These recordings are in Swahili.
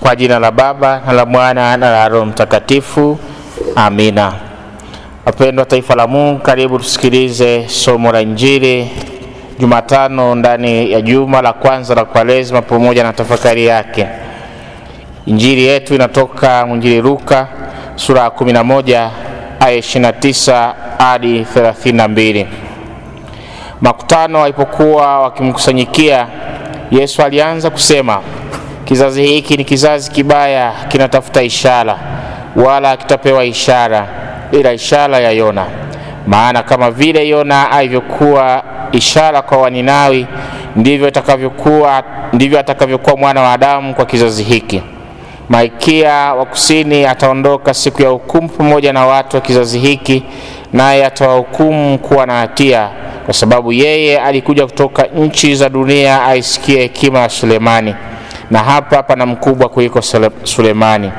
Kwa jina la Baba na la Mwana na la Roho Mtakatifu, amina. Wapendwa taifa la Mungu, karibu tusikilize somo la Injili Jumatano ndani ya juma la kwanza la Kwaresma pamoja na tafakari yake. Injili yetu inatoka mwinjili Luka sura ya 11 aya 29 hadi 32. Makutano walipokuwa wakimkusanyikia Yesu, alianza kusema Kizazi hiki ni kizazi kibaya, kinatafuta ishara, wala kitapewa ishara ila ishara ya Yona. Maana kama vile Yona alivyokuwa ishara kwa Waninawi, ndivyo atakavyokuwa ndivyo atakavyokuwa mwana wa Adamu kwa kizazi hiki. Malkia wa Kusini ataondoka siku ya hukumu pamoja na watu wa kizazi hiki, naye atawahukumu kuwa na hatia, kwa sababu yeye alikuja kutoka nchi za dunia aisikie hekima ya Sulemani na hapa pana mkubwa kuliko Sulemani.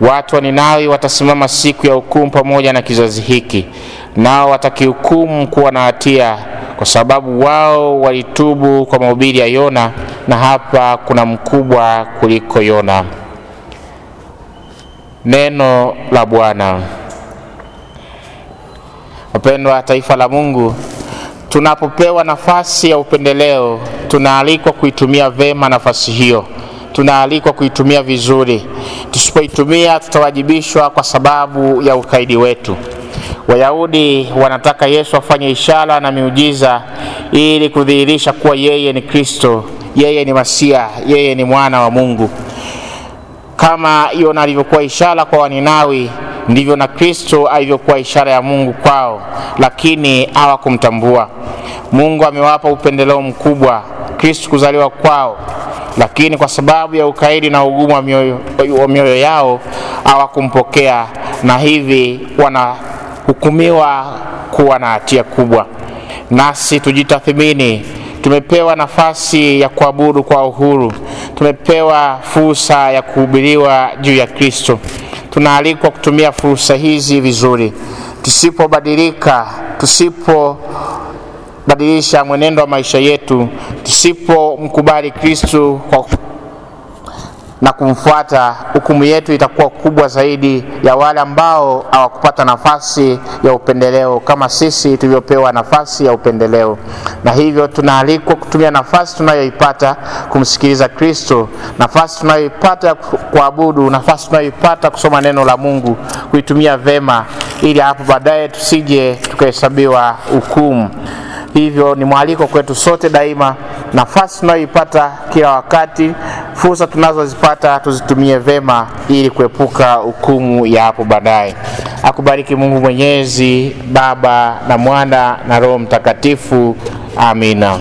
Watu wa Ninawi watasimama siku ya hukumu pamoja na kizazi hiki, nao watakihukumu kuwa na hatia, kwa sababu wao walitubu kwa mahubiri ya Yona, na hapa kuna mkubwa kuliko Yona. Neno la Bwana. Wapendwa taifa la Mungu, tunapopewa nafasi ya upendeleo, tunaalikwa kuitumia vema nafasi hiyo tunaalikwa kuitumia vizuri. Tusipoitumia tutawajibishwa kwa sababu ya ukaidi wetu. Wayahudi wanataka Yesu afanye ishara na miujiza ili kudhihirisha kuwa yeye ni Kristo, yeye ni Masia, yeye ni mwana wa Mungu. Kama Yona alivyokuwa ishara kwa Waninawi, ndivyo na Kristo alivyokuwa ishara ya Mungu kwao, lakini hawakumtambua. Mungu amewapa upendeleo mkubwa Kristo kuzaliwa kwao lakini kwa sababu ya ukaidi na ugumu wa mioyo, mioyo yao hawakumpokea na hivi wanahukumiwa kuwa na hatia kubwa. Nasi tujitathimini. Tumepewa nafasi ya kuabudu kwa uhuru, tumepewa fursa ya kuhubiriwa juu ya Kristo. Tunaalikwa kutumia fursa hizi vizuri. Tusipobadilika, tusipo kubadilisha mwenendo wa maisha yetu tusipomkubali Kristu na kumfuata, hukumu yetu itakuwa kubwa zaidi ya wale ambao hawakupata nafasi ya upendeleo kama sisi tulivyopewa nafasi ya upendeleo. Na hivyo tunaalikwa kutumia nafasi tunayoipata kumsikiliza Kristo, nafasi tunayoipata kuabudu, nafasi tunayoipata kusoma neno la Mungu, kuitumia vema, ili hapo baadaye tusije tukahesabiwa hukumu. Hivyo ni mwaliko kwetu sote daima, nafasi tunayoipata kila wakati, fursa tunazozipata tuzitumie vema, ili kuepuka hukumu ya hapo baadaye. Akubariki Mungu Mwenyezi, Baba na Mwana na Roho Mtakatifu. Amina.